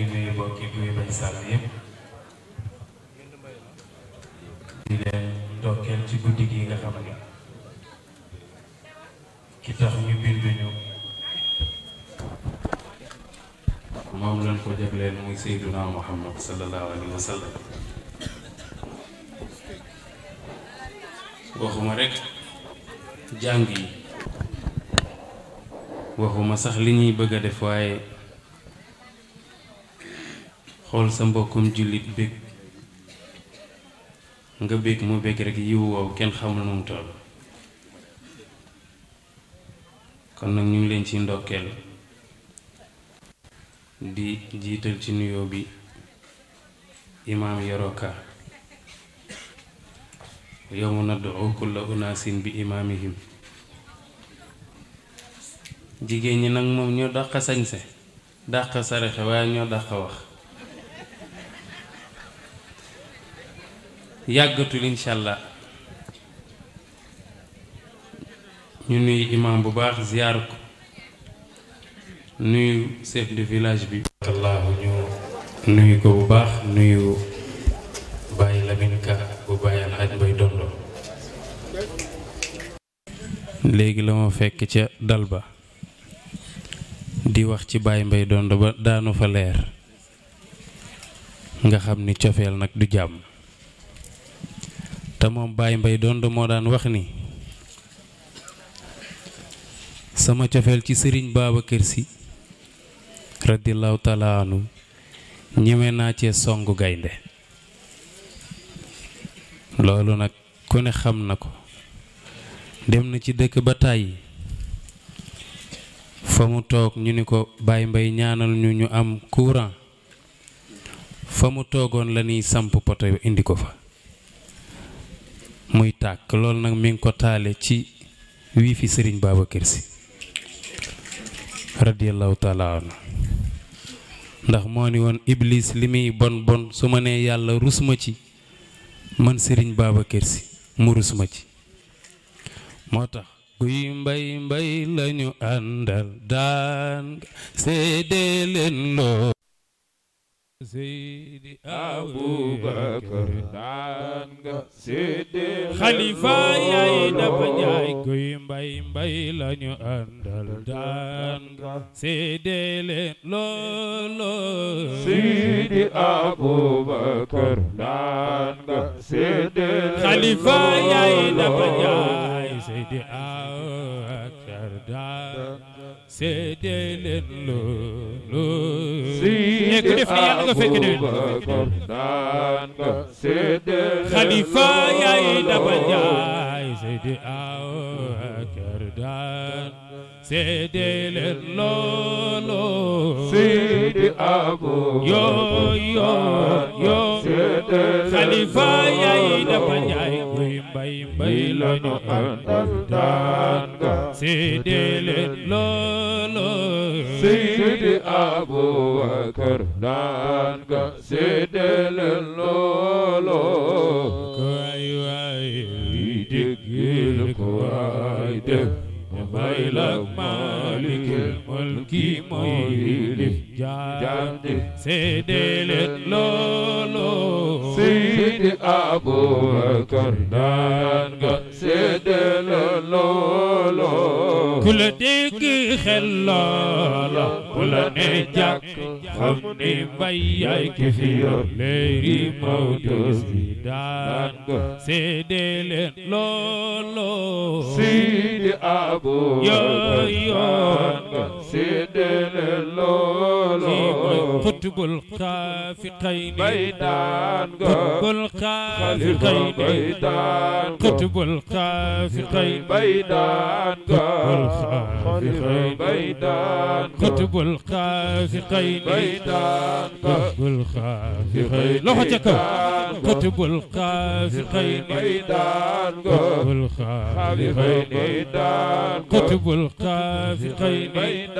ngi nuyu mbokki guy bañ leen ndokkeel ci guddi gi nga xam ne ki tax ñu binduñu moom lañ ko jagleel muy Seyduna Muhammad sallallahu alayhi wa waxuma rek jàng yi waxuma sax li ñuy bëgg a def waaye xool sa mbokkum jullit bég nga bég mu bég rek yiw woowu kenn xamul moom toll kon nag ñu ngi leen ci ndokkeel di jiital ci nuyoo bi imaam yoroka yowma nad'u kulla unaasin bi imaamihim jigéen ñi nag moom ñoo dàq sañse dàq saraxe waaye ñoo dàq wax yàggatul incha allah ñu nuyu imam bu baax ziyaar ko nuyu chef de village bi allah ñu nuyu ko bu baax nuyu bàyyi Lamin Ka bu bàyyi alxaj bay dondo léegi la ma fekk ca dal ba di wax ci bàyyi mbay dondo ba daanu fa leer nga xam ni cofeel nag du jàmm te moom Baye Mbaye doon moo daan wax ni sama cofeel ci sëriñ Babacar Sy radiyallahu taala anhu ñeme naa cee songu gaynde loolu nag ku ne xam na ko dem na ci dëkk ba tàyyi fa mu toog ñu ni ko Baye mbay ñaanal ñu ñu am courant fa mu toogoon la ñuy samp poto indi ko fa muy tàkk loolu nag mi ngi ko taale ci wii fi sëriñ Babacar kërsi radiyallahu taala ndax moo ni woon iblis li muy bon bon su ma nee yàlla rus ci man sëriñ Babacar kërsi mu rus ci moo tax kuy mbay mbay lañu àndal daan seede leen loo Seydi Abubakar daan nga Seydi xalifa yaay mbay mbay Abubakar daan nga Seydi xalifa yaay Abubakar daan seede leen loolu ñee ko def yàlla nga fekk dee xalifa yaay daba jaay seede aw kër daan seede leen loolu Seydi Abu yoo yoo leen loolu Seydi Abu Bakar daan ga seede leen loolu waay waylak maalikil mulki mooy lif jaam di seede leen loolu Seydi Abubakar daan nga seede la loolo ku la dégg xel loola ku la ne jàkk xam ni mbay ki fi yor léegi Maodo bi daan nga seede leen loolo Seydi Abubakar daan nga seede قطب الخافقين قطب الخافقين قطب الخافقين قطب الخافقين قطب الخافقين لو حجك قطب الخافقين قطب الخافقين قطب الخافقين قطب الخافقين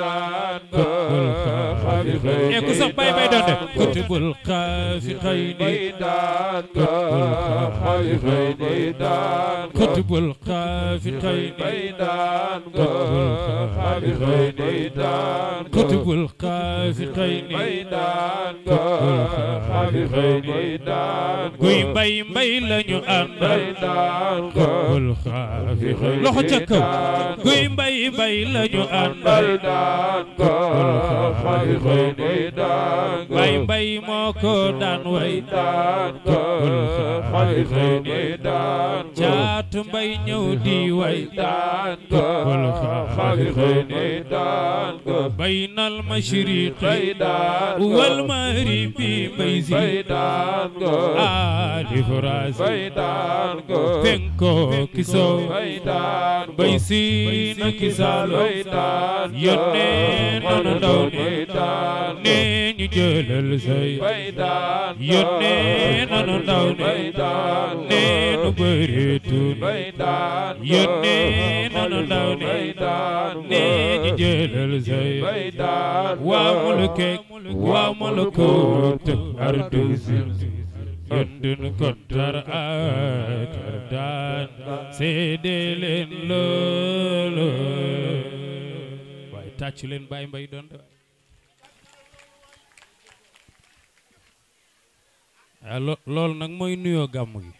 bay bay doon de kutubul xaafixayni kutubul xaafixayni kutubul xaafixayni guy mbay mbay lañu àndal kutubul xaafixayni loxo ca kaw guy mbay mbay lañu àndal kutubul xaafixayni bay bay moo ko daan way daan ko xayxayni daan ko di way daan ko xayxayni daan ko mashriqi daan ko wal maghribi mbay si daan ko ali furasi daan ko bay si na kisalo daan yónnee nanu ndaw ñu jëlal say baydaan yónnee nanu ndaw ne baydaan nee nu bëreetun baydaan yónnee nanu ndaw ne baydaan nee ñu jëlal say baydaan waa mulukek waa mulukut ardusin yëndun kontar ak ardaan seede leen loolu waaye tàccu leen bàyyi mbay Eh, Lol, nak moy nuyo nuyoo gi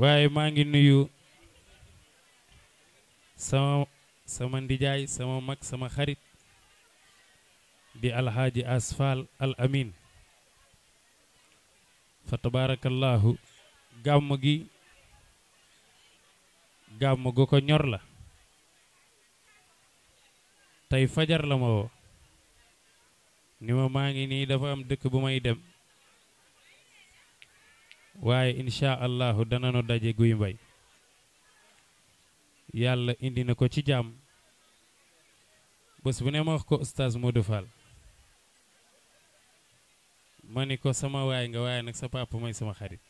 waye ma ngi nuyu sama sama ndijay sama mak sama xarit di alxaaji asfal al amin fa tabarakallah gàmm gi gàmm gu ko ñor la tay fajar la ma ni ma maa ngi nii dafa am dëkk bu may dem waaye incha allahu dana nu daje guy mbay yàlla indi na ko ci jàmm bés bu ne ma wax ko oustaz Modou Fall ma ni ko sama waay nga waaye nag sa papa mooy sama xarit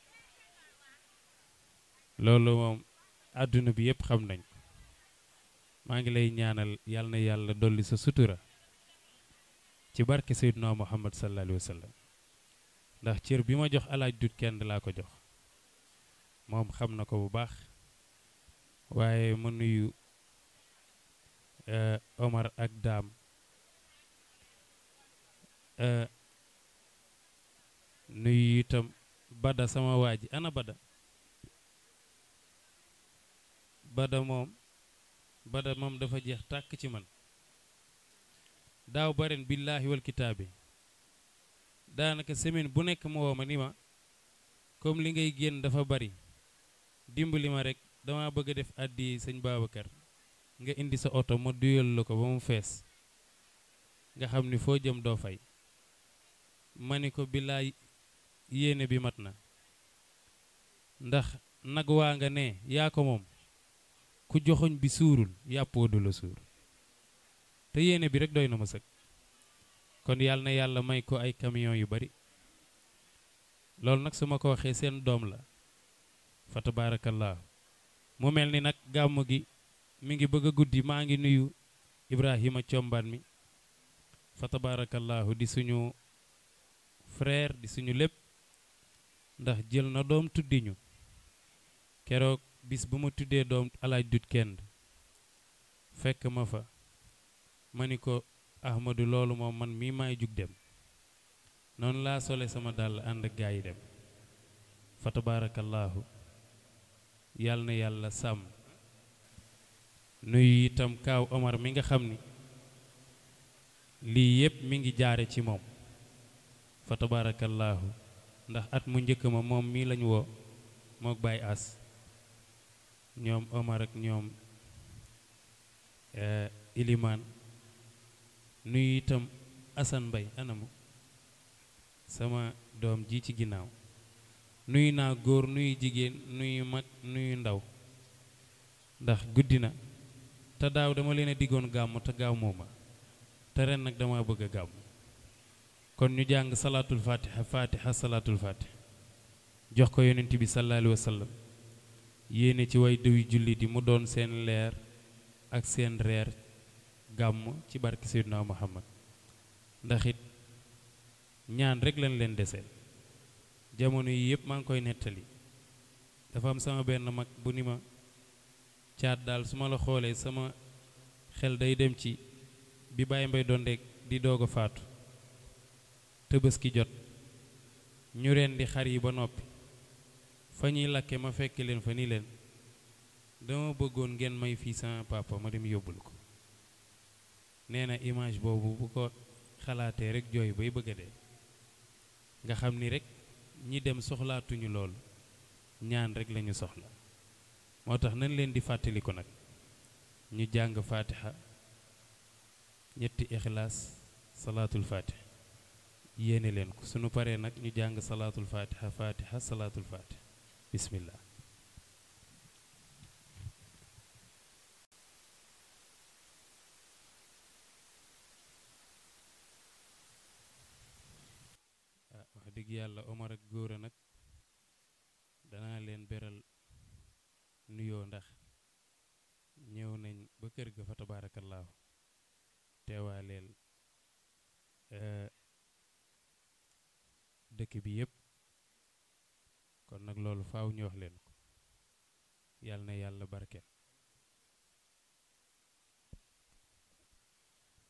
loolu moom àdduna bi yëpp xam nañ maa ngi lay ñaanal yàlla na yàlla dolli sa sutura ci barke sayyidna Muhammad sallallahu alaihi wasallam ndax cër bima jox alaaj dut kenn la ko jox moom xam na ko bu baax waaye ma nuyu Omar ak Daam nuyu itam Bada sama waa ana Bada Bada moom Bada moom dafa jeex tàkk ci man daaw ba ren billaahi wal daanaka semaine bu nekk mu woo ma ni ma comme li ngay génn dafa bari dimbali ma rekk dama bëgg a def addi sëñ Babacar nga indi sa oto ma duyal la ko ba mu fees nga xam ni foo jëm doo fay ma ni ko billaay yéene bi mat na ndax nag waa nga ne yaa ko moom ku joxoñ bi suurul yàppoo du suur te yéene bi rek doy na ma sëkk kon yàlla na yàlla may ko ay kamiyon yu bari loolu nag su ma ko waxee seen doom la fa tabaarakallaahu mu mel ni nag gàmm gi mi ngi bëgg a guddi maa ngi nuyu Ibrahima Combaan mi fa tabaarakallaahu di suñu frère di suñu lépp ndax jël na doom tuddi ñu keroog bis bu ma tuddee doom alaaj dut kenn fekk ma fa ma ni ko Ahmadou loolu moom man mii maay jug dem noonu laa sole sama dàll ànd ak gaa yi dem fa tabaarakallaahu yàlla na yàlla sàmm nuyu itam kaaw Omar mi nga xam ni lii yépp mi ngi jaare ci moom fa tabaarakallaahu ndax at mu njëkk ma moom mii lañu woo mook Baye As ñoom Omar ak ñoom eh, Ilimaan nuyu itam asan mbay anamu sama doom ji ci ginnaaw nuyu naa góor nuyu jigéen nuyu mat nuyu ndaw ndax guddi na te daaw dama leen a diggoon gàmm te gaaw mooma te ren nag damaa bëgg a gàmm kon ñu jàng salaatul fatiha fatiha salaatul fatiha jox ko yonent bi salaalu wasallam yéene ci way dëwi julli di mu doon seen leer ak seen reer gàmm ci barke Seydina Muhammad ndax it ñaan rekk lañ leen deseel jamono yii yëpp maa ngi koy nettali dafa am sama benn mag bu ni ma caat daal su ma la xoolee sama xel day dem ci bi bàyyi mbay donde di doog a faatu tëbëski jot ñu reen di xar yi ba noppi fa ñuy lakke ma fekk leen fa ni leen dama bëggoon ngeen may fii sama papa ma dem yóbbul ko nee na image boobu bu ko xalaatee rek jooy bay bëgg a dee nga xam ni rek ñi dem soxlaatuñu loolu ñaan rekk lañu soxla moo tax nañ leen di fàttaliku nag ñu jàng faatiha ñetti ixlaas salaatul faatiha yéene leen ko sunu paree nag ñu jàng salaatul faatiha faatiha salaatul faatiha bismillah yàlla Omar ak a nag danaa leen beral nuyoo ndax ñëw nañ ba kër ga fa tabaarakallaahu teewaaleel eh, dëkk bi yépp kon nag loolu faw ñu leen ko yàlla na yàlla barkeel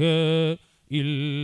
إله إلا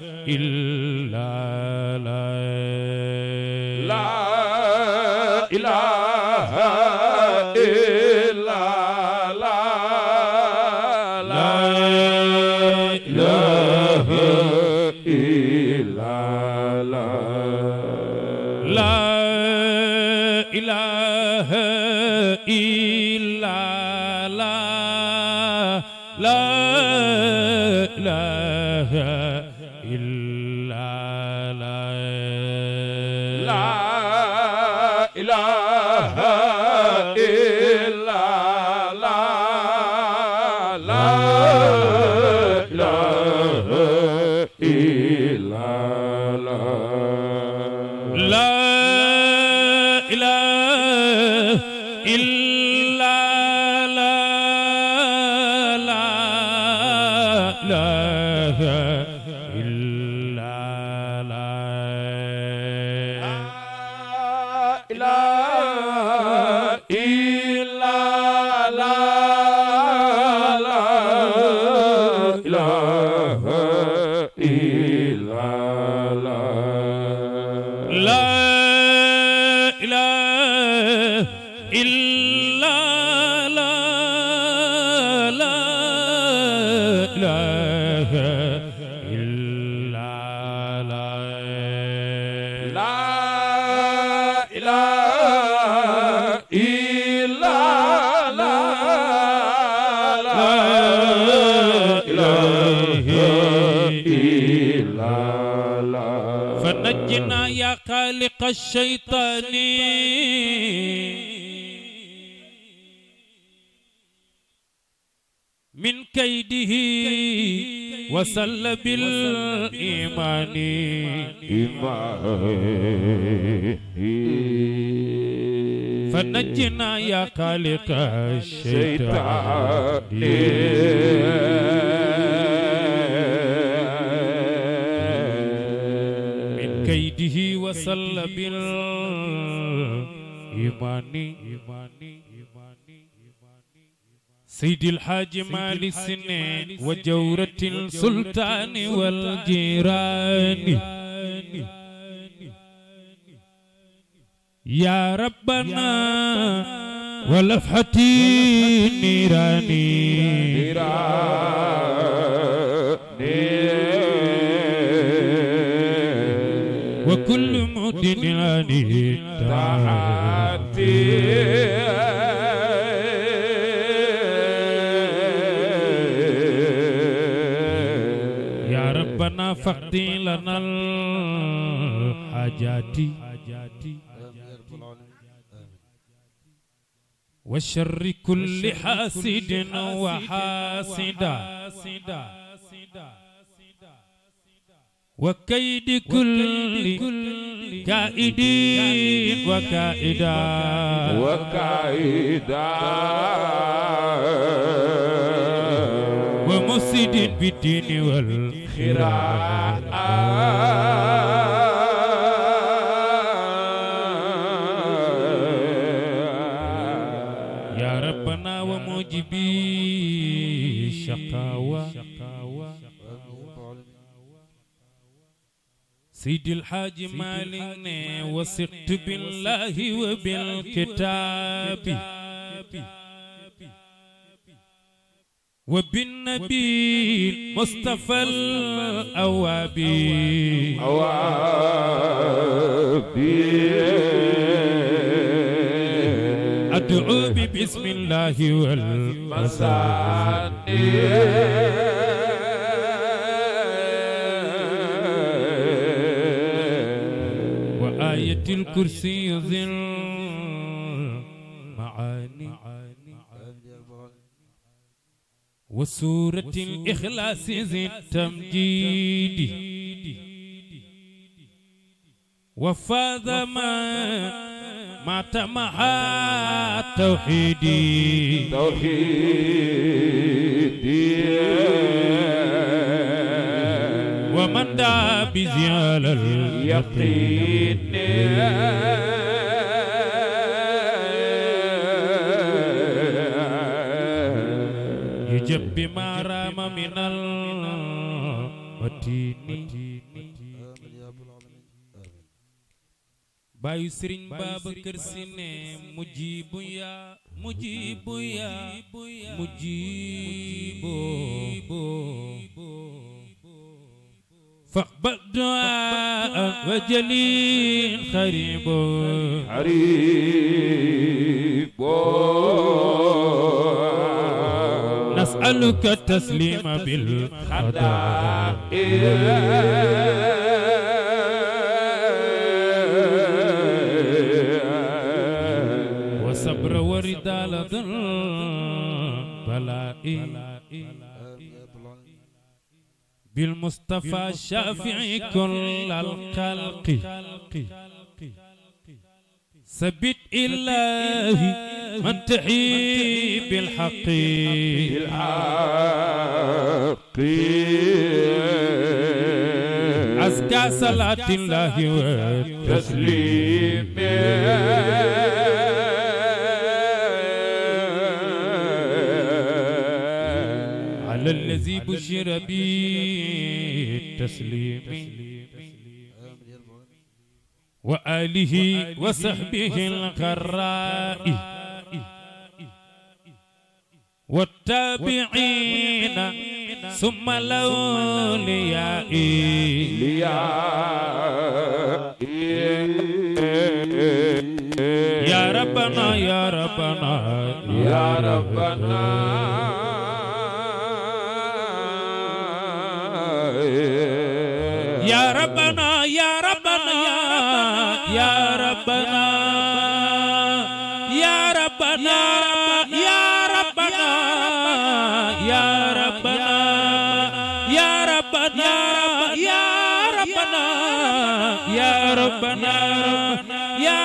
إلا الشيطان من كيده وسل بالإيمان فنجنا يا خالق الشيطان وسل إيماني سيد الحاج مالي سنة وجورة السلطان والجيران يا ربنا ولفحتي نيراني hati ya fakti wa syarri kulli hasidin wa hasida. وكيد كل كائد وكائدا وكائدا ومفسد بالدين والخيرات سيدي الحاج مالك وثقت بالله وبالكتاب وبالنبي مصطفى الأوابي أوابي أدعو بسم الله والمساني الكرسي ذي المعاني وسورة الإخلاص ذي التمجيد وفاذ ما ما تمحى التوحيد توحيد ومن دعا بزيال اليقين يجب ما رام من المدين باي سرين بابكر سيني مجيب يا مجيب يا مجيب فبدعاء وجليل خريب حريب نسألك التسليم وصبر على ظل بلائي بالمصطفى الشافعي كل الخلق ثبت إلهي من تحيي بالحق بالحق أزكى صلاة الله وتسليمه ربي تسليمي وآله وصحبه القراء والتابعين ثم الأولياء يا ربنا يا ربنا يا ربنا يا ربنا يا ربنا يا ربنا يا ربنا يا ربنا يا ربنا يا ربنا يا ربنا يا ربنا يا ربنا يا ربنا يا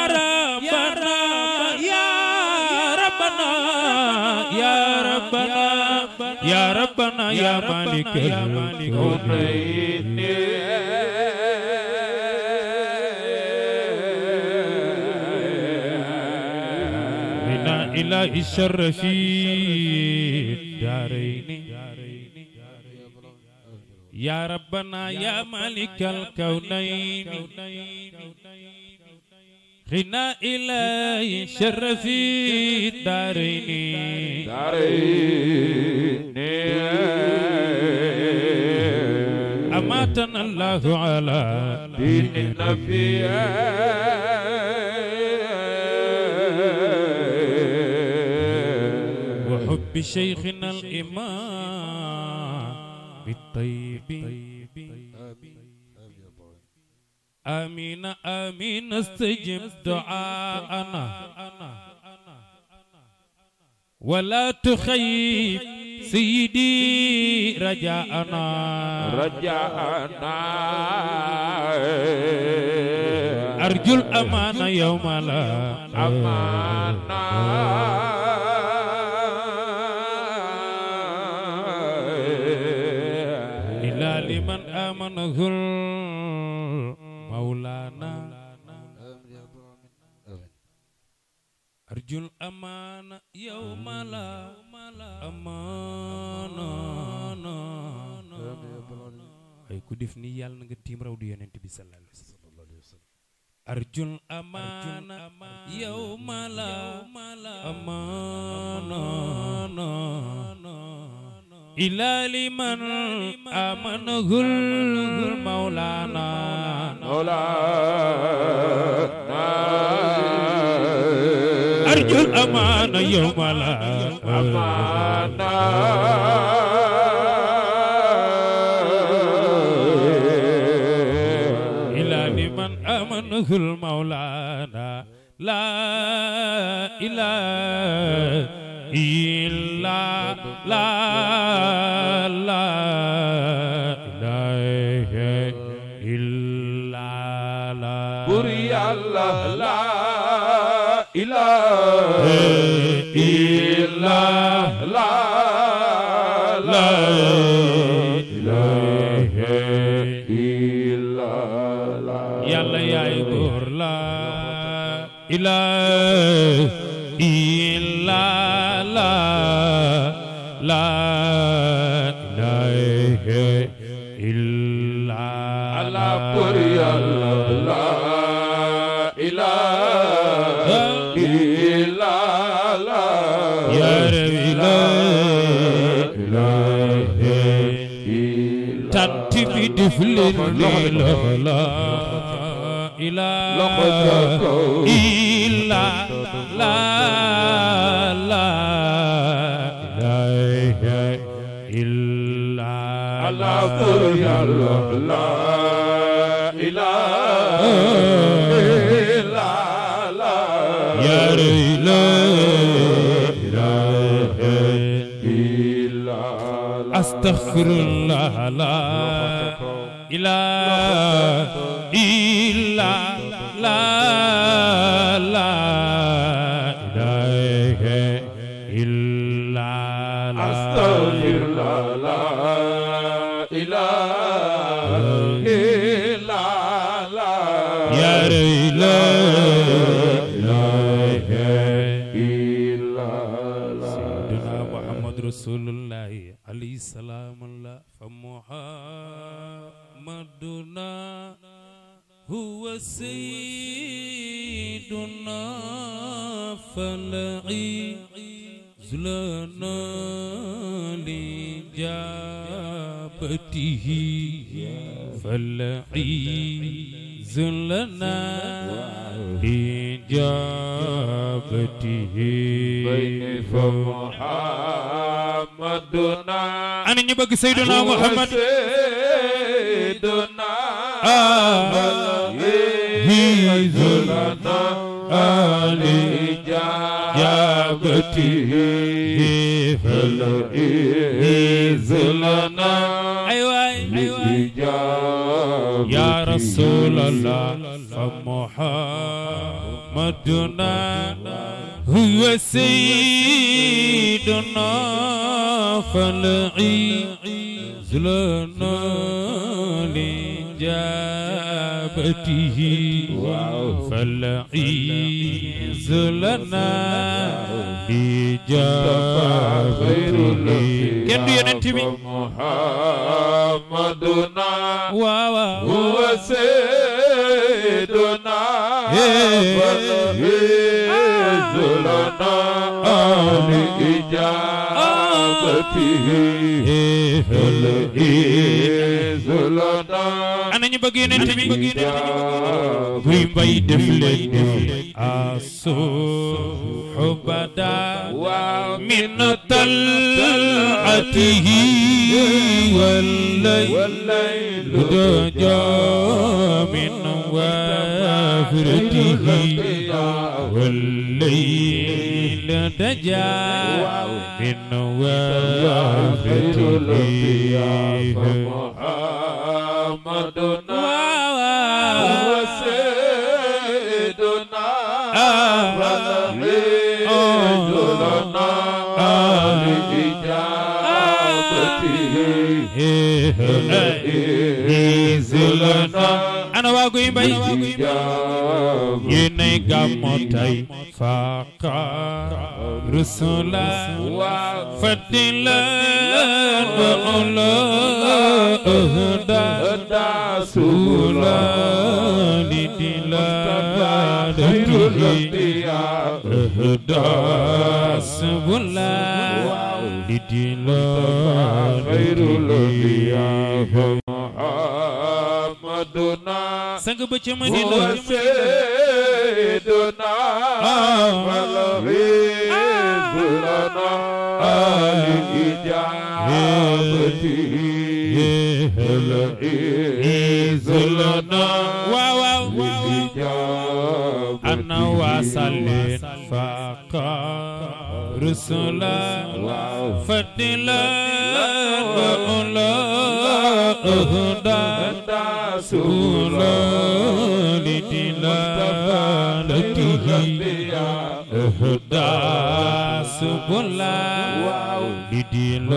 ربنا يا ربنا يا مالك الملك إله الشرف داريني يا ربنا يا مالك الكونين غنى إلهي شرف داريني داريني أماتنا الله على دين النبي بشيخنا الإمام بالطيب آمين آمين استجب دعاءنا ولا تخيب سيدي رجاءنا رجاءنا أرجو الأمانة يوم لا له المولانا أرجو الأمان يوم لا أمان أي كدفني يال نغ تيم راو دي يونت بي صلى الله عليه وسلم أرجو الأمان يوم لا أمان إلا لمن آمنه المولانا مولانا أرجو الأمان يوم الأمانة إلا لمن آمنه المولانا لا إله إلا لا إله إلا لا لا إله إلا لا بري لا إله إلا لا يا ربي لا إله إلا تبتي بدفل لا لا إله إلا لا لا إله إلا الله يا الله لا إله إلا لا يا إله إلا أستغفر الله لا إله إلا 啦啦。به فالعيز لنا بإجابته بين فمحمدنا أنا نبغ سيدنا محمد سيدنا فالعيز لنا لإجابته فالإيز لنا أيوة أيوة, أيوة. يا رسول الله فمحمدنا هو سيدنا فالعيز لنا لإجابته فالعيز لنا bi jaabirul kenn du yonent bi muhammaduna waawa huwa sayyiduna zulana ali ah. ijabatihi ana ñu bëgg yonent bi buy mbay def leen asu xubada min talatihi wallay lu dojo min wafratihi wallay دجا من وافته ana waa guy mbay nay gàmmo tay faqa rusula fatila ba'ula ahda sula lidila datuhi ahda sula lidila khairul ba ca Madina سيدنا فالغيب لنا لإجابته العز لنا لإجابته أنا وصل فقط رسول فضل لولا أهدى سولا داس بلا لدين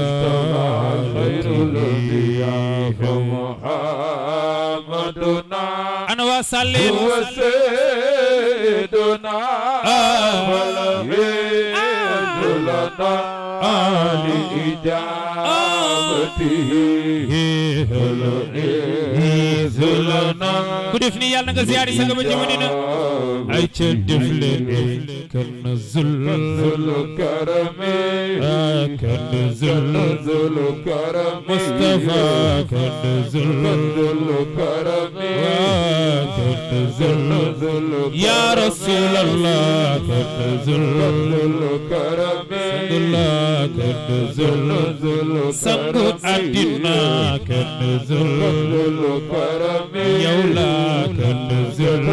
خير الانبياء محمدنا انا وسلم وسيدنا فلبي لنا لإجابته هل إذ لنا كدفني يالنا كزياري سنغم جمدنا ay ca def leen kanzul karami kanzul karami Mustafa kanzul karami kanzul ya Rasulallah kanzul karami Abdullah kenn zul sangu àddina kenn zul yow la zul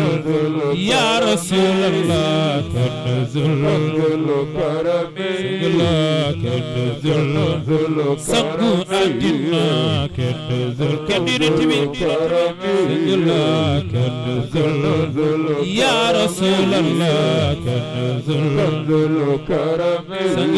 ya Rasulallah kenn zul sangu àddina kenn zul kenn ya Rasulallah kenn zul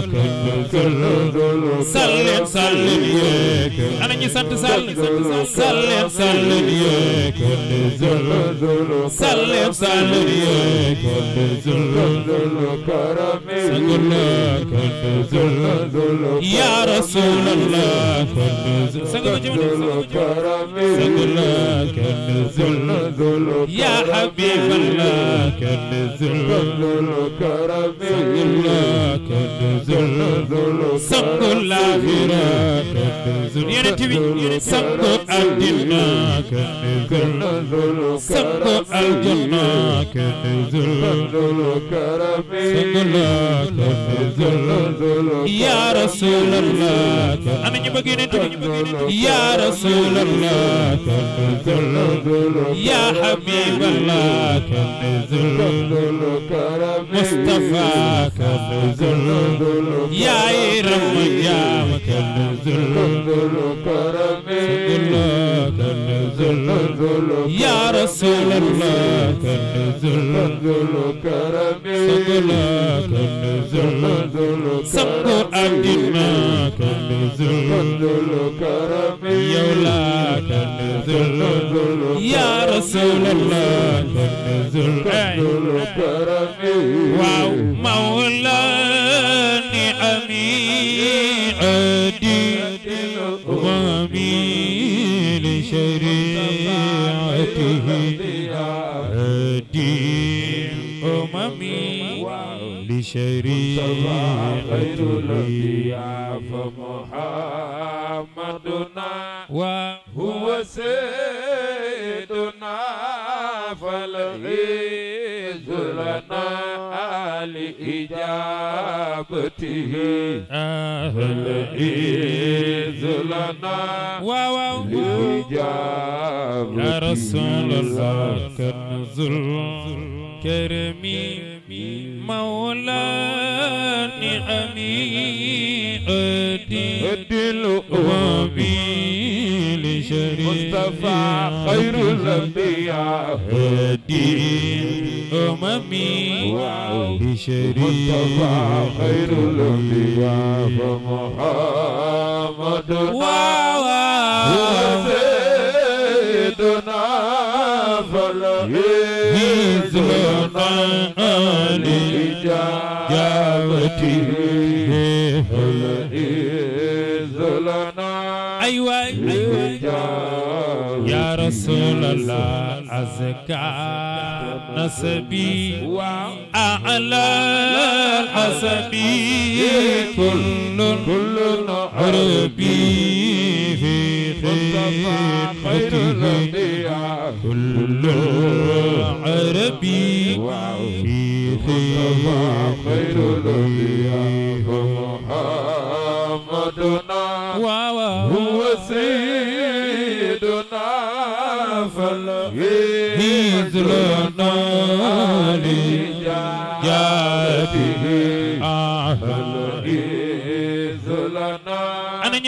salleen salleen yéeg ana ñi sant sall salleen salleen yéeg salleen salleen yéeg sagul yaa rasuulallah sagul yaa habiiballah sagul dul sangu laaxira yonent bi sangu addina sangu aljanna sangu laaxira yaa rasuulallah ana ñu bëgg yonent bi yaa rasuulallah yaa habiiballah Mustafa يا رب يا مكن ذل كرم يا رسول الله كن ذل كرم سقو أدنا كن ذل كرم يولا كن ذل يا رسول الله كن ذل كرم واو مولاي رسول الله كنز الكرم مولا نعمي أدل وبي لشريع مصطفى خير الأنبياء أدل أممي لشريع مصطفى خير الأنبياء فمحمد هو سيدنا فلا أيوة، أيوة. يا رسول الله عزك نسبي وأعلى حسبي كل كل عربي المصطفى خير الانبياء كل عربي في خير الانبياء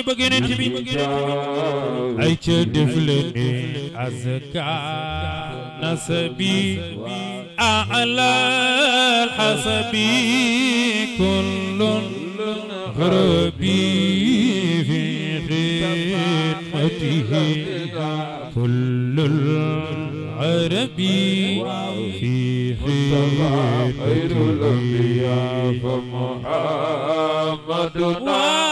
ñu bëggee neen ci bi ay ca def leen azka nasabi أعلى الحسب كل غربي في خدمته كل العربي في خدمته خير الأنبياء فمحمد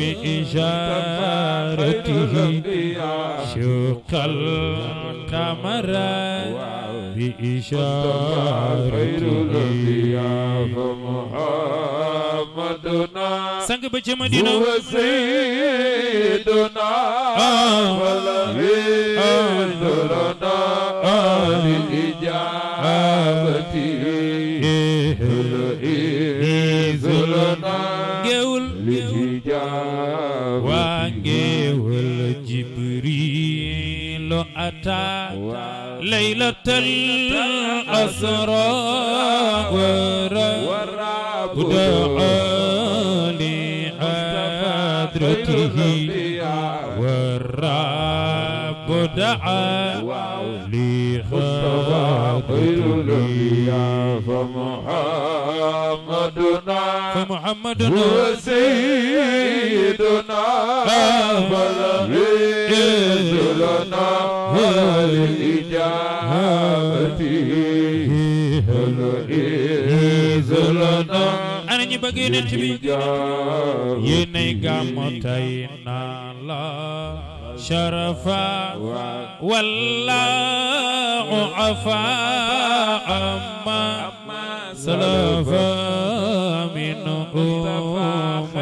بإجارته شق القمر بإجارته سنگ بچ مدینہ هو سيدنا فلا يذلنا بإجابته أتى ليلة الأسرى والرب دعا لحضرته والرب دعا لحضرته فمحمد محمد هو سيدنا بل يزلنا والإجابة هل إزلنا أنا نبقى نتبي يني قامتين الله شرفا والله عفا أما سلفا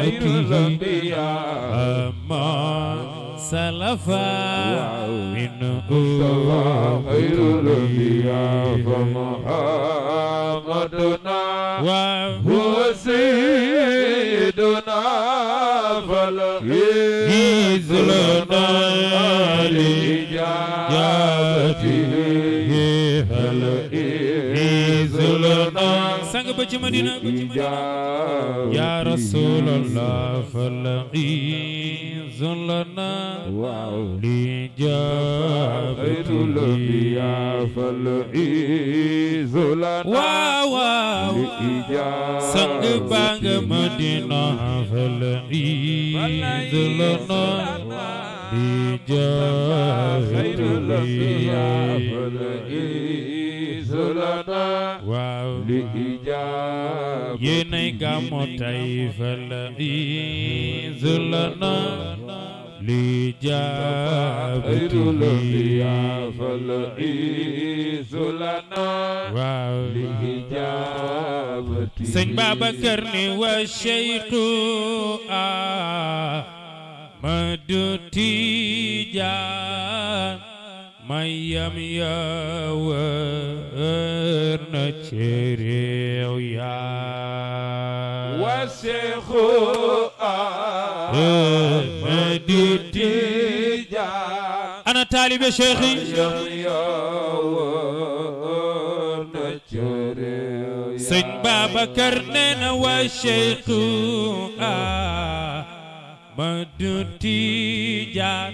خير الأنبياء أما سلفا من خير الأنبياء فمحمدنا وهو سيدنا فلغيزلنا لإجابته هل إذلنا ba ci madina ya rasulallah fal'izu lana li jaabatul biya fal'izu lana waaw waaw sang bang madina fal'izu lana li jaabatul biya fal'izu lana waaw li ijaab yéenay gàmmu tey fala izlana li jaabati fala izlana waaw li ijaabati sëñ Babacar ni wa Cheikhu Ahmadu Tijaan mayam ya wër na ci réew ya wa seexu Ahmadu Tijaan ana taalibe cheikh yi sëñ Babacar nee na wa seexu Ahmadu Tijaan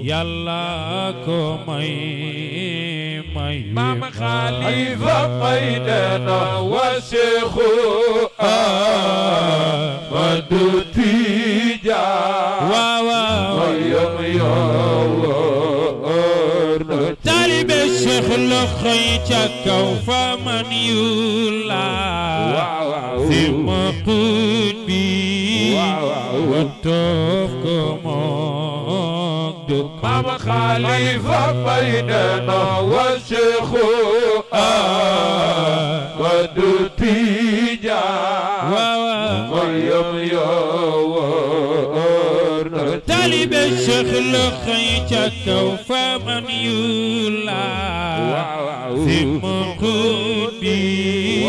yàlla ko may may maam xalifa may dana wa seexu Ahmadu Tijaan waaw waaw mayam yàlla taalibe seex la xëy ca kaw fa man yu la si maqut bi wa toog ko moom مام خليفة بيننا والشيخ ودو تيجا مريم يا طالب الشيخ لخيتك وفمن يولى في مقودي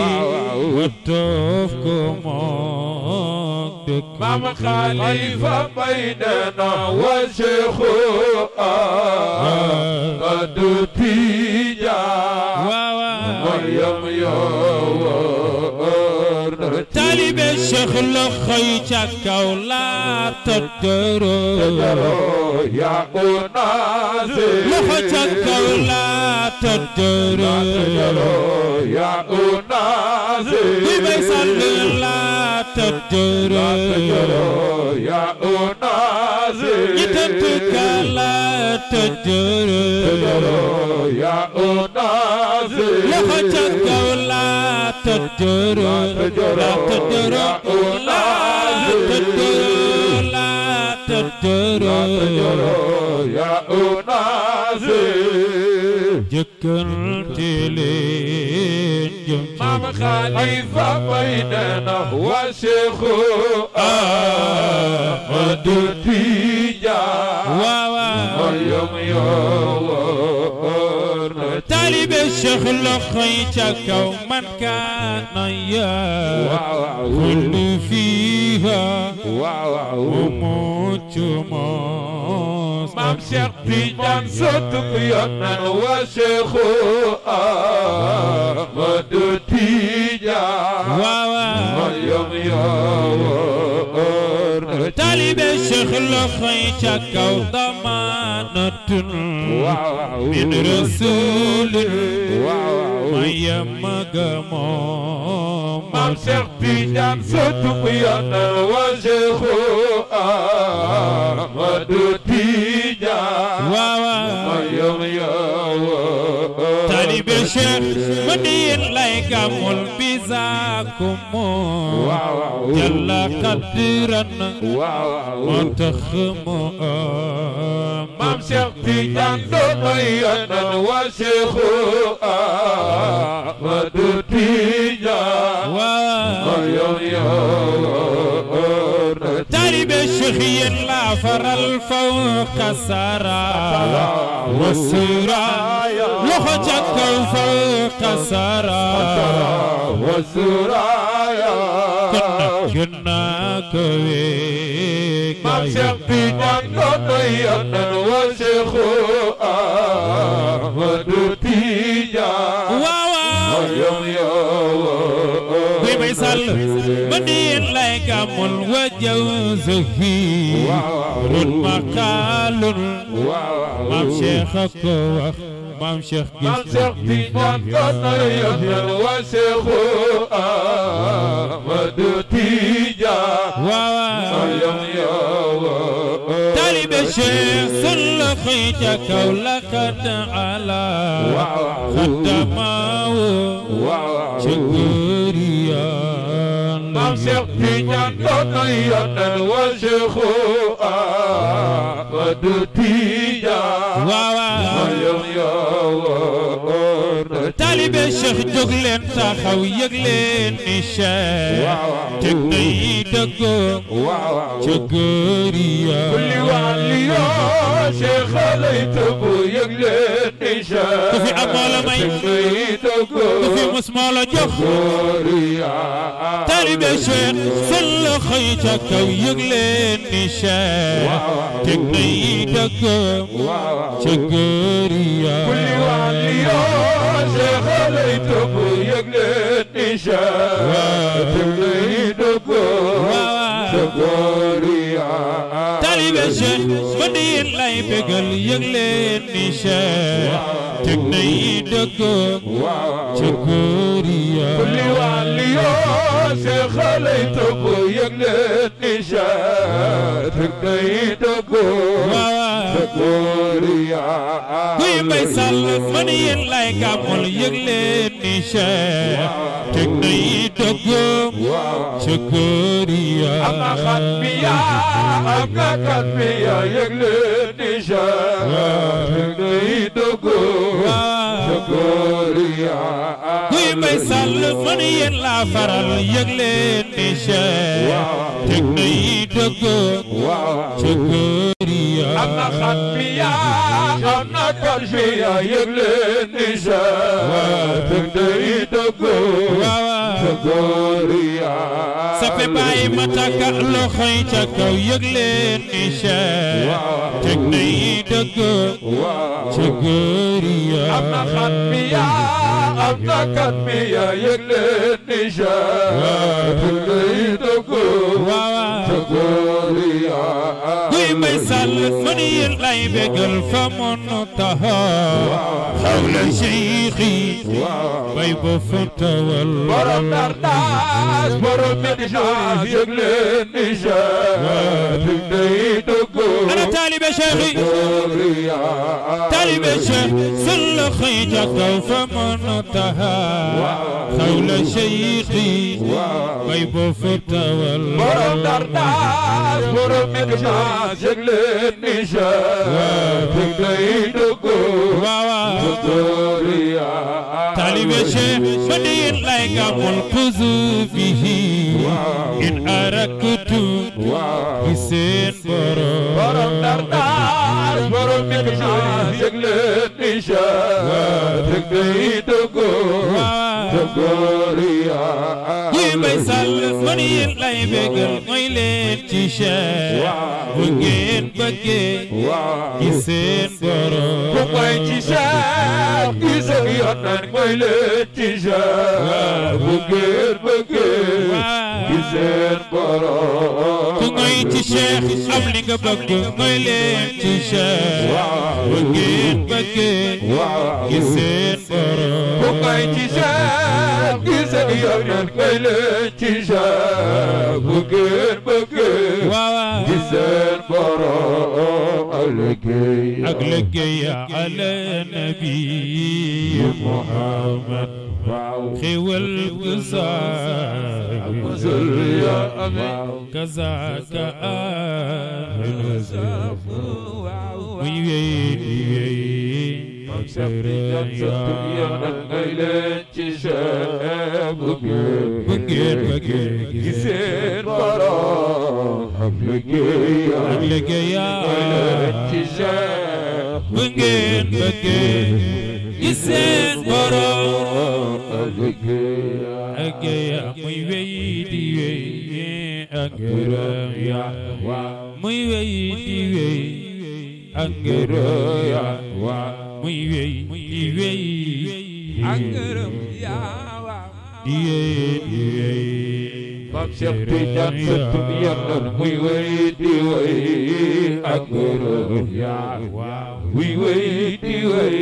وتوفكم ربك مام خليفة بيننا وشيخنا آه. قد تيجا مريم يا بالشيخ الشيخ لخيتك ولا تدرو يا أنازي لخيتك ولا تدرو يا أنازي بيصلي الله تجروا يا أناس جدتك لا تجروا يا أناس لخجك ولا تجروا لا تجروا لا تجروا لا تجروا يا أناس جكرت لي امام خليفه بيننا الشيخ احمد التجاري يوم تالي بالشيخ الشيخ لخيتك ومن كان يا فيها وموت مام شيخ تيجان صدق يونان وشيخ أحمد taalibe Cheikh loxoy ca kaw damaanatun min rasulin mayam maga moom maam Cheikh Tijaan sutub yana wa Cheikhu Ahmadu Tijaan mayam yaa طالب الشيخ مدين لك ملبساكم جل قدرا وتخم مام شيخ تيجان دميانا وشيخ مدو تيجان ويوم يوم غريب الشيخ لا فرل فوق سرى والسرى لخجك فوق سرى والسرى كنا كويك ما شبينا نطيبنا وشيخوها ودوتيجا واوا ويوم يوم بمثال مدينة نجم وجوز فيه مقال مام شيخ كوخ مام شيخ تيجان كان يهيل وشيخ أحمد تيجان مريم يا طالب الشيخ سلخيك كولك تعالى ختمه شكو Tidiane doon na yonent wa Cheikh تالي بشيخ دوغلين صاحو يغلين نشا تبني دقم تقريا كل يا شيخ ليتبو يغلين نشا كفي عمال مي تبني دقم كفي مسمال جخ تالي بشيخ سل خيتك ويغلين نشا تبني دقم تقريا كل يا talibe Cheikh Madiyeen lay bégal yëg leen ni Cheikh teg nay dëkk ca kër ya kulli wàlli yoo se xalay tëgg yëg leen ni ja teg nay dëkk ca kër ya kuy bay sàll man yéen lay gàmmol yëg leen ni ja teg nay dëkk ca kër ya am na xat bi ya am na xat bi ya yëg leen ni ja kuy bay sàll mën yéen laa faral yëg leen ni Cheikh teg na yi dëgg Chakariya am na xatmiya am na kalbiya yëg leen ni Cheikh teg na yi dëgg Chakariya fi bàyyi ma tàkka loxo yi ca kaw yëg leen ni cher teg na yi dëgg ca góor ya am na xat mi yaa am na kat mi yaa yëg leen ni cher teg na yi dëgg ca góor ya guy may sàll man yéen lay bégal fa mun taxa xawla cheikhi bay ba fa tawal borom dardaas borom medina يغلن نجاتك انا طالب يا شيخي طالب يا شيخ سل خيجك دوف خول شيخي غيب فتول برم درداس برم مقنا شغل النشا فكرين دقو طالب يا شيخ مدين لايقا ملقز فيه إن أركت حسين برم borom dar dar borom mi ko naa sëg leen di jëf sëg day dëggu dëggu riyaa yi bay sàll man yéen lay bégal mooy leen ci Cheikh bu ngeen bëggee gi seen borom bu mooy ci Cheikh gi sëg yoon naan mooy leen ci Cheikh bu ngeen bëggee seen borom ku ngoy ci Cheikh am li nga bëgg ngoy leen ci Cheikh bu ngeen bëggee gis seen borom ku ngoy ci Cheikh gis ak yoon ngoy leen ci Cheikh bu ngeen bëgg جسر براء الجية الجية على نبي محمد خوال قزاك زرية كزاك أهل زفو Bugün bugün güzel para ab liggéeya ab liggéeya ci Cheikh bu ngeen bëggee gis seen borom ab liggéeya liggéeya muy wéy di wéy ak ngërëm ya muy wéy di wéy ak ngërëm ya muy wéy di wéy ak ngërëm ya di wéy di wéy maam Cheikh Tidiane sëtub Yàlla muy wéy di wéy ak gërëm Yàlla muy wéy di wéy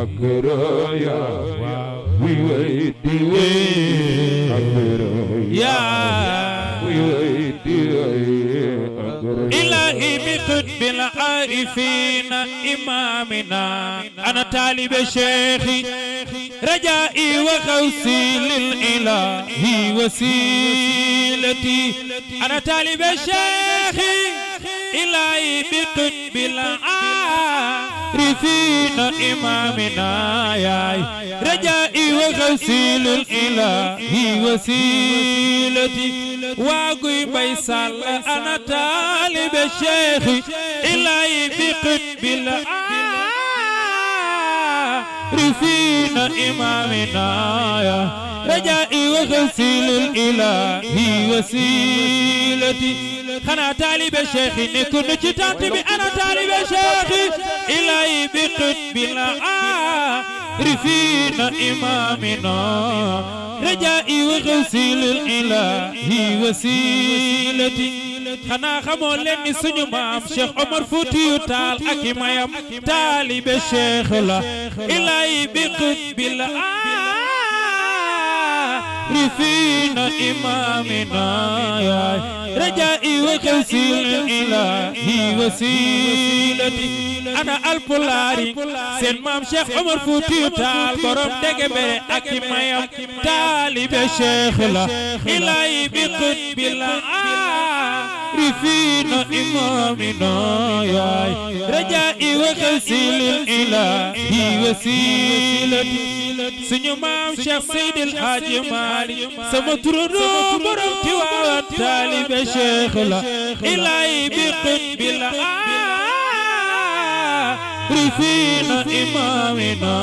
ak gërëm Yàlla muy wéy di wéy ak gërëm Yàlla muy wéy di wéy ak gërëm Yàlla العارفين إمامنا أنا طالب شيخي رجائي وخوصي للإله وسيلتي أنا طالب شيخي إلهي بقطب العالم رفينا إمامنا يا رجائي وغسيل الإله وسيلتي واقوي بيسال أنا طالب الشيخ إلهي بقد بالعالم رفينا إمامنا يا رجائي وغسيل الإله وسيلتي خنا طالب شيخي نكون جتانتي بأنا طالب شيخي إلهي بقد بلا عارفين إمامنا رجائي وغسيل الإله وسيلتي xanaa xamoo leen ni suñu maam Cheikh Omar Foutiyou Tall ak i mayam taalibe Cheikh la ilaahi bi qutbil رفينا إمامنا يا رجائي وتوسيل إلهي وسيلتي أنا البولاري سين مام شيخ عمر فوتي تال برم دقبري أكي ميام تالي شيخ لا إلهي بقد بلا رفينا إمامنا يا رجائي وتوسيل إلهي وسيلتي suñu maam Cheikh Seydil Hadji Malick sama turando borom Tiwaawan taalibe Cheikh la ilaay bi qutbi la rifiina imaamina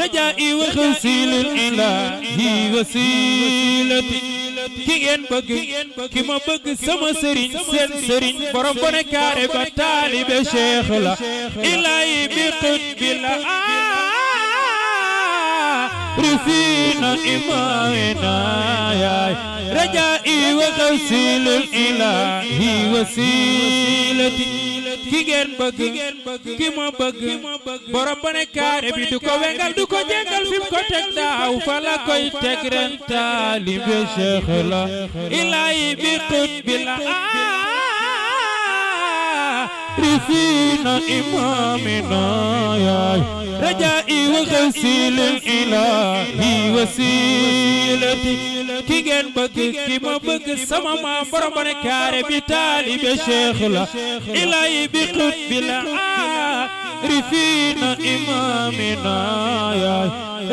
rajaa'i wa xawsilil ilaahi wasiilati ki ngeen bëgg ki ma bëgg sama sëriñ seen sëriñ borom bone kaare ba taalibe Cheikh la ilaahi bi qutbi la رفينا إمامنا يا رجائي وغسيل الإله وسيلتي ki ngeen bëgg ki ma bëgg borom ba ne bi du ko wengal du ko jéngal fi mu ko daaw fa la koy teg ren taalibe Cheikh ilaahi bi xut bi la رفينا إمامنا يا رجائي وغسيل الإله وسيلتي كي جن بك كي ما بك سما ما برمنا كاري بتالي بشيخ لا إلهي بقلب بالعالم رفينا إمامنا يا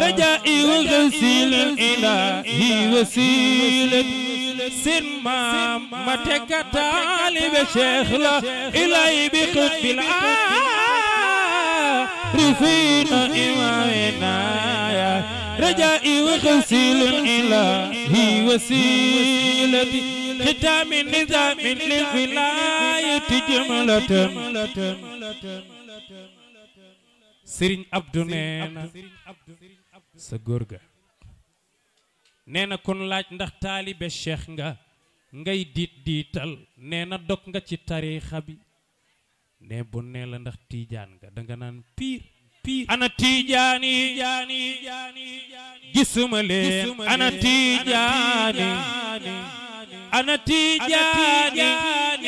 رجائي وغسيل الإلهي وسيلة سنما متك طالب شيخ لا إلهي بقلب العارفين إمامنا يا رجائي وغسيل إلى هي وسيلتي ختام نظام للولاية جملة سرين عبد نينا سغورغا نينا كون لاج ndax talibé cheikh nga ngay dit dital neena dok nga ci tarixa bi ne bu la ndax tiijaan nga danga naan pire ana tijaani gisuma leen ana tijaani ana tijaani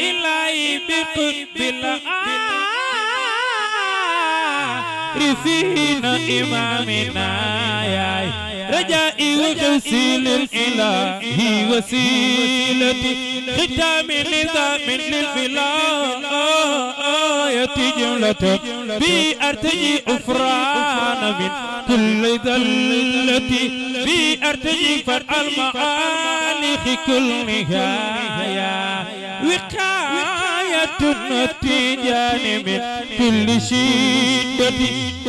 ilay bi qutbil aarifina imaamina yaay رجائي وتوسيل الإله وسيلة ختام نظام للبلاية جملة بي أرتجي أفران من كل ذلة بي أرتجي فرع المعالي كل نهاية وقاية نتيجان من كل شدة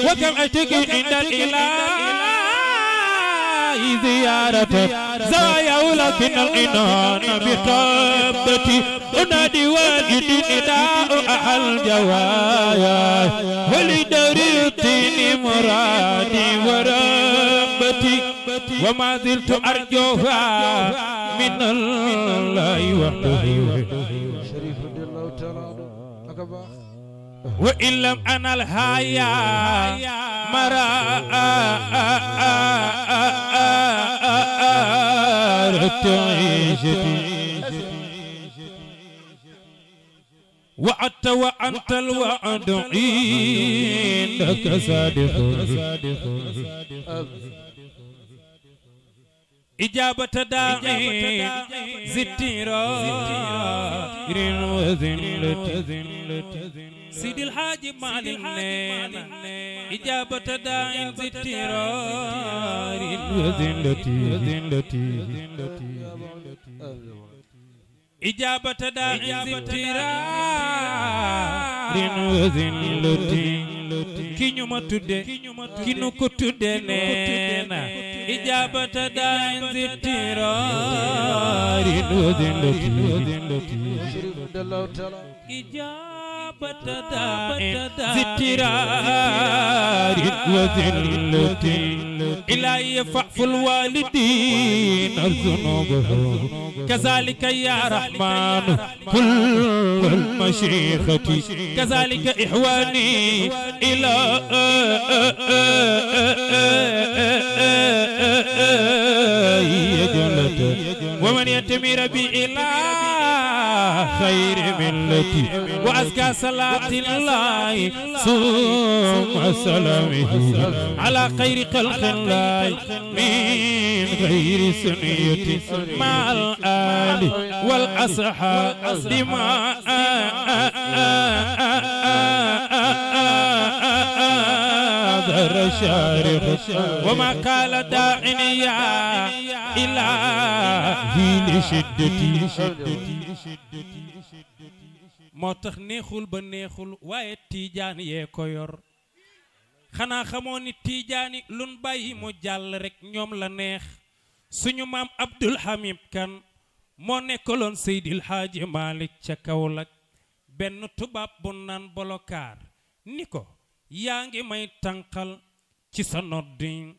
وكم أشتكي عند الإله أي زيارة زايا ولكن العنان بطبتي أنادي والدي نداء أهل جوايا ولدريتي مرادي وربتي وما زلت أرجوها من الله وحده وإن لم أنا الهايا مرا وعدت وأنت الوعد إنك صادق إجابة داعي زتيرا زتيرا وزن لتزن لتزن Sidi El Hadj Malick neena ijaabata daayin si tiraarin zindati zindati ijaabata daayin si tiraarin zindati ki ñu ma tudde ki ñu ko tudde neena ijaabata daayin si tiraarin zindati zindati زترار وذلة الوالدين ذنوبهم كذلك يا رحمن كل المشيخة كذلك إحواني إلى ومن يتمي ربي إله خير ملتي وأزكى صلاة الله صوم سلامه على خير خلق الله من غير سنية مع الآل والأصحاب دماء ma وما قال داعنيا إلهي لشدتي moo tax neexul ba neexul waaye tiijaan yee ko yor xanaa xamoo ni tiijaani lun bàyyi mu jàll rekk ñoom la neex suñu maam Abdul Hamid kan moo nekkaloon Seydil Haaji Malik ca lag benn tubaab bu naan bolokaar ni ko yaa ngi may tànqal ci sa noddin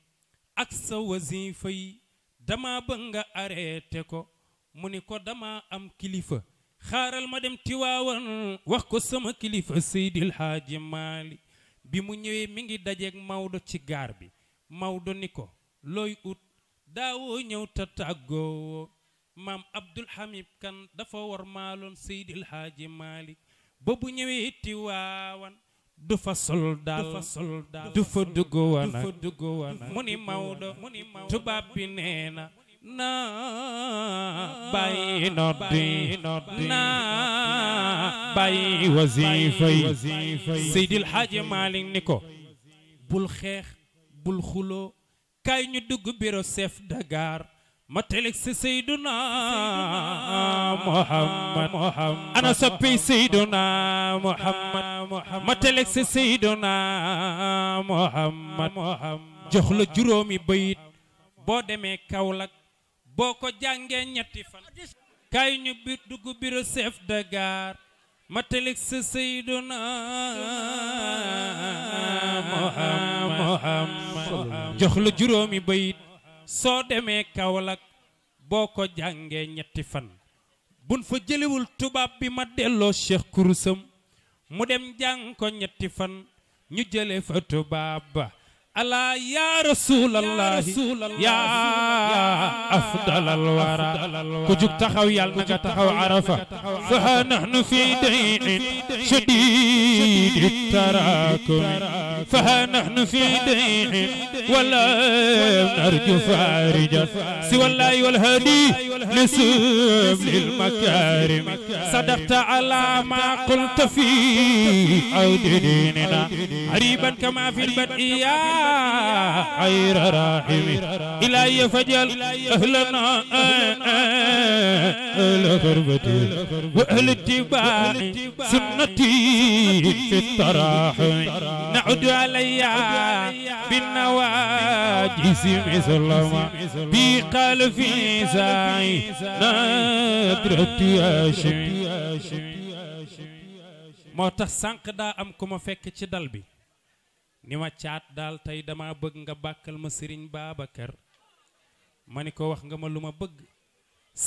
ak sa wasifa yi dama bëgg nga arrêté ko mu ni ko dama am kilifa xaaral ma dem tiwaawan wax ko sama kilifa seydil haaji maali bi mu ñëwee mi ngi dajeeg Maodo ci gaar bi Maodo ni ko looy ut daawoo ñëw ta tàggoo maam Abdul Hamid kan dafa war maaloon seydil haaji maali ba bu ñëwee tiwaawan du fa soldaal du fa dugg wana mu ni Maodo tubaab bi nee na na ah, bàyyi noddi na ah, bàyyi wasiifa yi Seydil Hadji ni ko bul xeex bul xuloo kaay ñu dugg bureau chef de matalik si sayduna muhammad jox la juróomi bayit boo demee Kaolack boo ko jàngee ñetti fan kaay ñu bi dugg bureau chef de gare matalik jox la juróomi bayit soo demee Kaolack boo ko jàngee ñetti fan buñ fa jëlewul tubaab bi ma delloo cheikh kurusam mu dem jàng ko ñetti fan ñu jële fa tubaab ba الله يا رسول الله يا أفضل الورى كجوك تخو يالنك تخو عرفة نحن في دين شديد التراكم فها نحن في دين ولا نرجو فارجا سوى الله والهدي نسوم للمكارم صدقت على ما قلت في عود ديننا عريبا كما في البدئيات خير راحم إلهي فجل أهلنا أهل غربتي وأهل اتباع سنتي في التراحم نعود عليا بالنواجس مثل ما بقلب في ساعي ندرتي هاشم moo tax sànq daa am ku ma fekk ci dal ni ma caat daal tey dama bëgg nga bàkkal ma sëriñ Babacar ma ni ko wax nga ma lu ma bëgg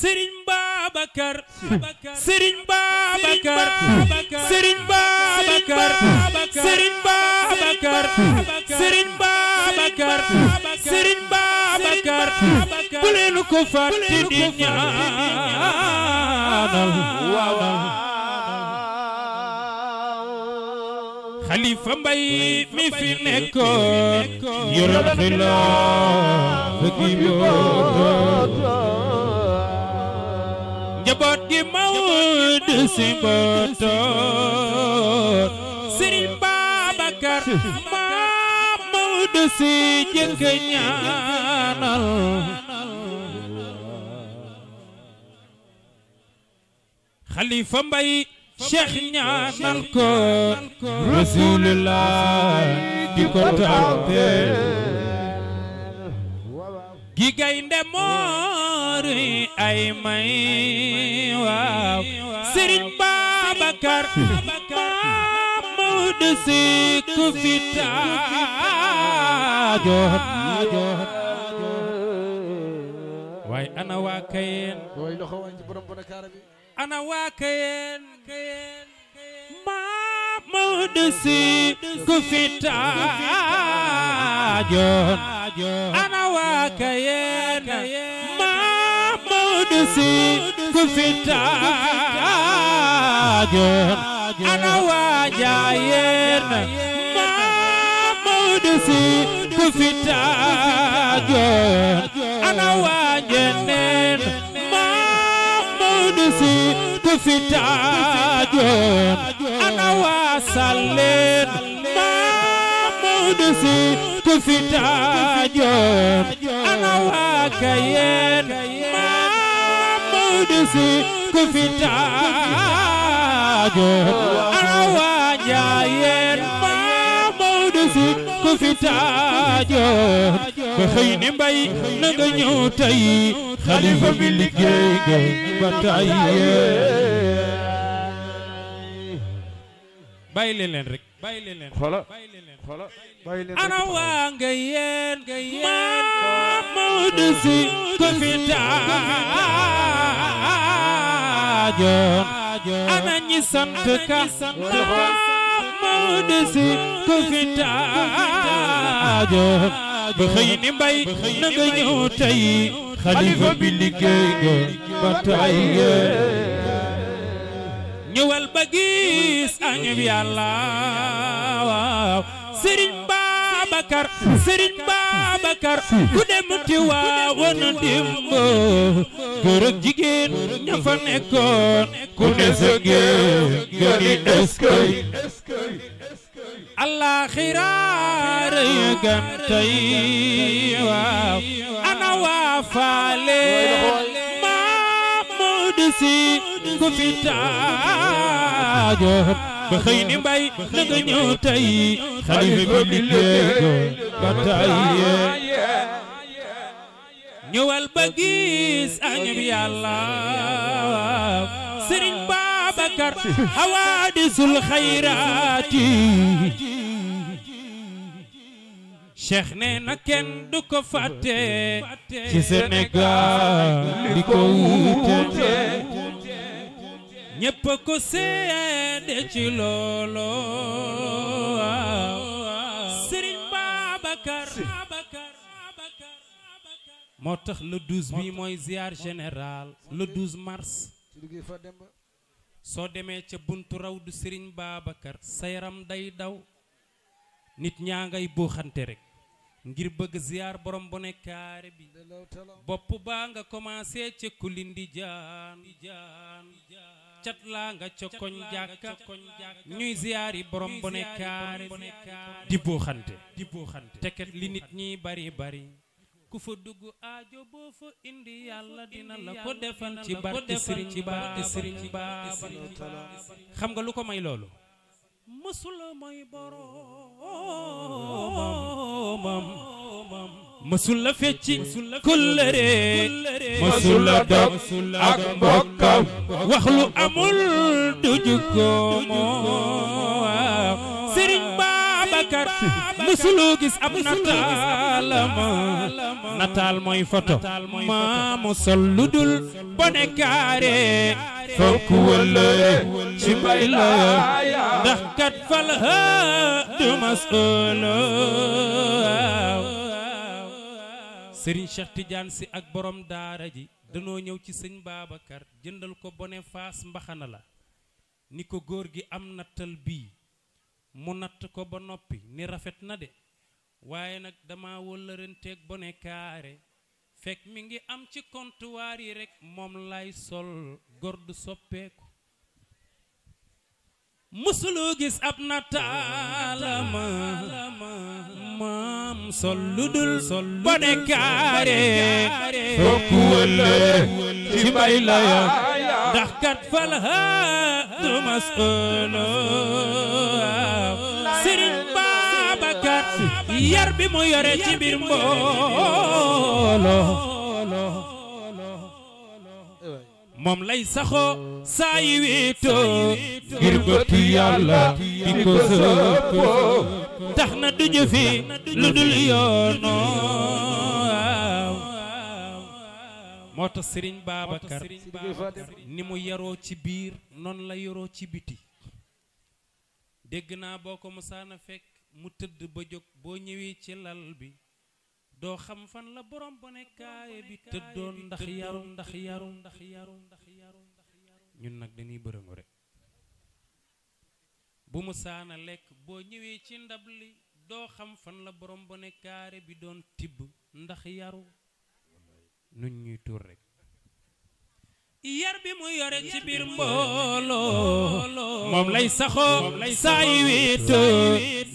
sëriñ Babacar sëriñ Babacar sëriñ Babacar sëriñ Babacar sëriñ Babacar kilifa mbay mi fi gi mbootoon njaboot gi si mbootoon Sëriñ Babacar maam mawud si jëkk ñaanal cheikh ñaanal ko rasulullah di gi gaynde moor ay may waaw sëriñ Babacar Maodo si ku fi taajoot waaye ana waa kayeen ana waa Kayen maa Maodo si ku fi taajoon ana waa Kayen maa Maodo si ku fi taajoon ana waa Jaayeen maa Maodo si ku fi taajoon ana waa Njeneen si ku fi taajoon ana si ku fi ana waakayeen Maamadu si ku fi taajoon ana fi ku fi taajoo ba xëy ni mbay si ku fi ba xëy ni mbay na nga ñëw tey xalifa bi liggéey nga ba tay ñëwal ba gis añu bi yàlla waaw Babacar Serigne Babacar ku dem ci waa woon dimb góor ak jigéen ña fa nekkoon ku ne sa géew gën yi eskay alaxira rëy gan tey waaw ana waa faale Mamadou Si ku fi taajoon ba xëy ni mbay na nga ñëw tey xalifa bi liggéey ba tey ñëwal ba gis añub yàlla sëriñ Babacar hawaadisul xayraati cheikh nee kenn du ko fàtte ci Sénégal di ko wuute ñépp ko seede ci loolo sëriñ Babacar moo tax le 12 bi mooy ziar général le 12 mars soo demee ca buntu raw du sëriñ Babacar sa yaram day daw nit ñaa ngay buuxante rek ngir bëgg ziar borom bu ne kaare bi bopp baa nga commencé ca di jaan cat laa nga ca koñ jàkka ñuy ziyaari borom bone kaare di buuxante teket li nit ñi bari bari ku fa dugg ajo boo fa indi yàlla dina la ko defal ci barke sëriñ ci barke sëriñ ci xam nga lu ko may loolu mësula may boromam مسولة فتي كل مسولة دب أكبوك وخلو أمول دجكم سرين بابا كار مسولو كيس أب نتال ما نتال موي فتو ما مسولو دول بنكاري فوكو اللي شبايلا دخكت فالها دمس أولو sëriñ Cheikh Tidiane si ak boroom daara ji danoo ñëw ci sëñ baabakar jëndal ko bone faas mbaxana la ni ko góor gi am nattal bii mu natt ko ba noppi ni rafet na de waaye nag dama wëllëranteeg bone kaare fekk mi ngi am ci comptoir yi rekk moom lay sol góor du soppeeku musulu gis ab nataalama maam sol lu dul bone kaare fokk wëllëre ci mbay la ya ndax kat fal haatu masolo sëriñ Babacar yar bi mu yore ci biir mbooloo moom lay saxoo saa yi wéetoo ngir yàlla di ko tax na du jëfi lu dul yoonoo moo tax Serigne Babacar ni mu yaroo ci biir noonu la yaroo ci biti dégg naa boo ko musaana fekk mu tëdd ba jóg boo ñëwee ci lal bi doo xam fan la borom bonekaay bi tëddoon ndax yaru ndax yarum ndax yarum ndax yarum ñun nag dañuy bërëngu rek bu mu lekk boo ñëwee ci ndab li doo xam fan la borom bonekaare bi doon tibb ndax yaru nun ñuy tuur rek yar bi mu yore ci biir mbooloo moom lay saxoo saay wéetoo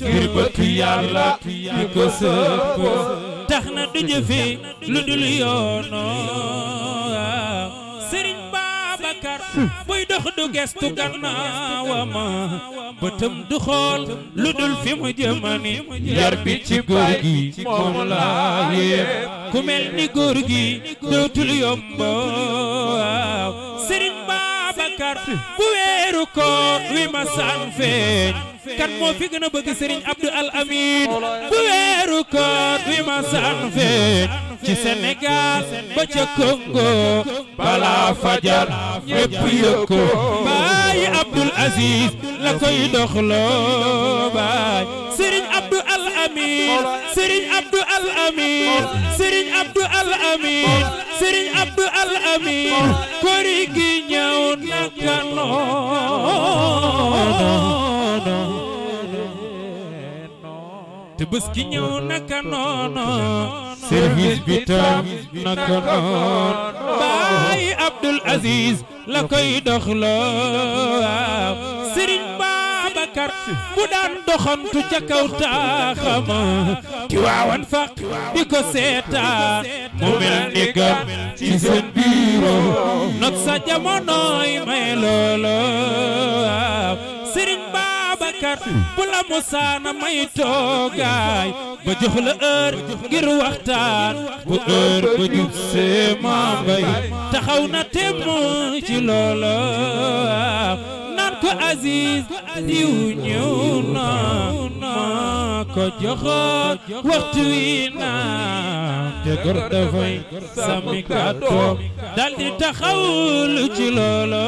ngir bëgg yàlla di ko tax na du jëfe lu dul yoono sëriñ Babacar hmm. buy dox du gestu gannaawama bëtëm du xool lu dul fi mu jëmani yar bi ci góor gi moom laa yéem ku mel ni góor gi dootul yomb sëriñ Babacar bu weeru koor wi ma saan feeñ kan moo fi gën a bëgg Serigne Abdou Al Amin bu weeru koor ma saan fee ci Sénégal ba ca Congo balaa fajar ñépp yëg ko baay Abdoul la koy doxloo baay Serigne Abdou Al Amin Serigne Abdou Al Amin Serigne Abdou naka noonu te bés gi ñëw naka noonu service bi tam naka baay Abdul Aziz la koy doxloo Sëriñ Babacar bu daan doxantu ca kaw taaxama ti waawan faq di ko seetaan mu mel ni ci seen biiro not sa jamonooy may looloo Sëriñ Babacar bu la musaana may toogaay ba jox la heure ngir waxtaan bu heure ba jub see maa mbay taxaw na temm ci loola naan ko Aziz diw ñëw na maa ko joxoon waxtu wi naa te gor dafay sàmmi kàddoom dal di taxaw lu ci loola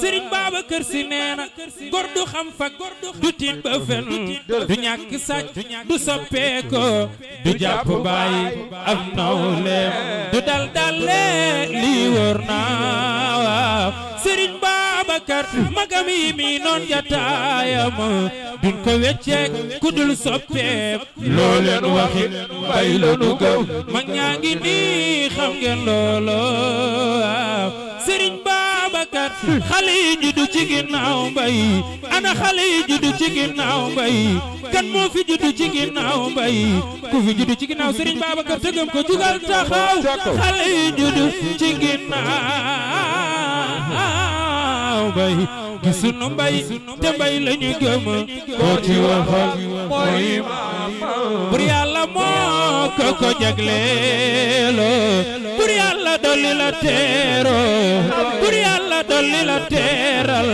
sëriñ Babacar Si nee na góor du xam fa du tiit ba du ñàkk sàcc du soppeeko du jàpp bàyyi am nawleem du dal dalle lii wóor naa sëriñ Babacar magam yi mi noon jataayam duñ ko wecceek ku dul soppeem loo leen waxi bay lanu gëm mag ñaa ngi nii xam ngeen loolo sëriñ Babacar xale yi juddu ci ginnaaw mbay ana xale yi juddu ci ginnaaw mbay kan moo fi juddu ci ginnaaw mbay ku fi juddu ci ginnaaw Serigne Babacar te gëm ko jugal taxaw xale yi juddu ci ginnaaw bay gi sunu mbay te mbay moo ko ko jagleelo bur yàlla dolli la teero bur yàlla dolli la teeral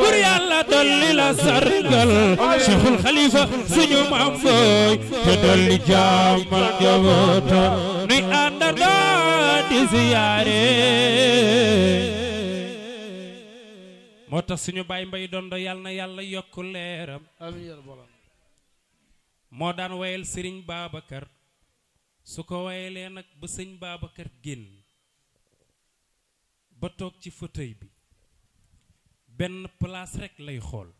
bur yàlla dolli la sargal Cheikhul Khalifa suñu maam booy te dolli jaamal jaboota nuy àndandoo di ziyaare ota suñu bay mbay dondo yàlla na yàlla yokk leeram ya moo daan wayal sëriñ Babacar babakar ko wayalee nag ba serigne babakar génn ba tok ci fauteuil bi ben place rek lay xol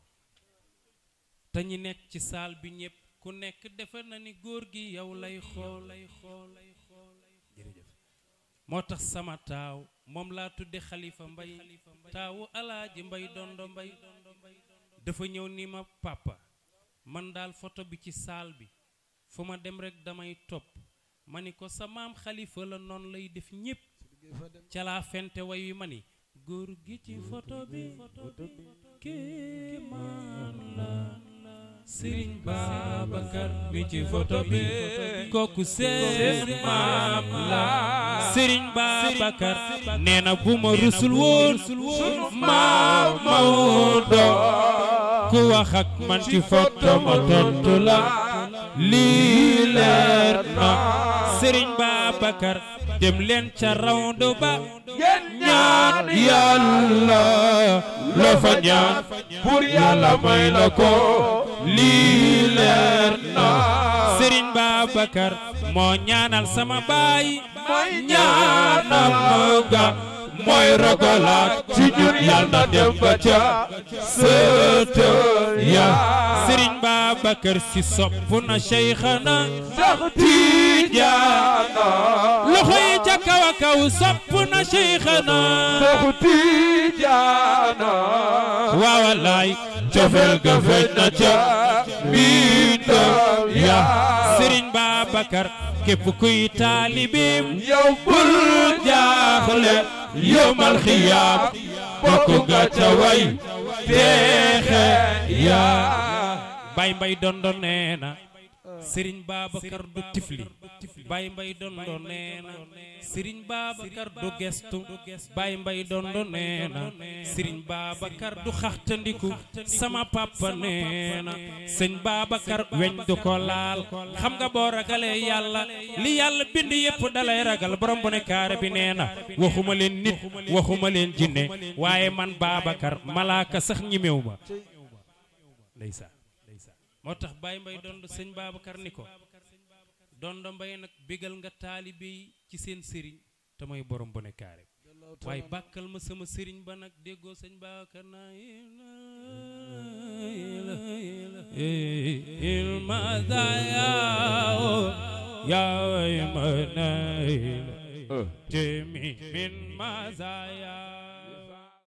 ta ñi nekk ci salle bi ñépp ku nekk defe na ni gor gi yow lay xol lay xol lay xol jërëjëf moo motax sama taw mom la tuddé khalifa mbay taawu alaaji mbay dondo mbay dafa ñëw ni ma papa man daal photo bi ci saal bi fu ma dem rekk damay topp ma ni ko sa maam xalifa la noon lay def ñépp ca way wi ma ni góor gi ci photo bi kéemaan la Serigne Babacar mi ci photo bi kooku seen maam la Serigne Babacar nee na bu ma rusul woon maa ma wundo ku wax man ci photo ma tontu la lii leer na Serigne Babacar dem leen ca rawndu ba ñaan yàlla la fa ñaan pour yàlla may la ko lii leer na Serigne Babacar moo ñaanal sama baay mooy ñaanal nga mooy rogalaat ci ñun yal na dem ba ca sëtë ya Serigne Babacar si sopp na Cheikhana sax Tijaana loxo yi ca kaw a kaw sopp na Cheikhana sax Tijaana waaw cofeel ga feeñ na ca biitam ya Sëriñ Babacar képp kuy taalibeem yow bul jaaxle yomal xiyaam bokk nga ca way teexe ya bay mbay dondon sëriñ Babacar du tifli Baye Mbaye Dondo nee na sëriñ Babacar du gestu Baye Mbaye Dondo nee na sëriñ Babacar du xaxtandiku sama papa nee na sëñ Babacar weñ du ko laal xam nga boo ragalee yàlla li yàlla bind yëpp dalay ragal borom bu ne kaare bi nee na waxuma leen nit waxuma leen jinne waaye man Babacar malaaka sax ñimew moo tax baay mbay Donde sëñ Babacar ni ko Donde Mbaye nag bégal nga taalibe yi ci seen sëriñ te may borom bu ne kaare waaye bàkkal ma sama sëriñ ba nag déggoo sëñ Babacar naa il ma zaya ya ma na jemi min ma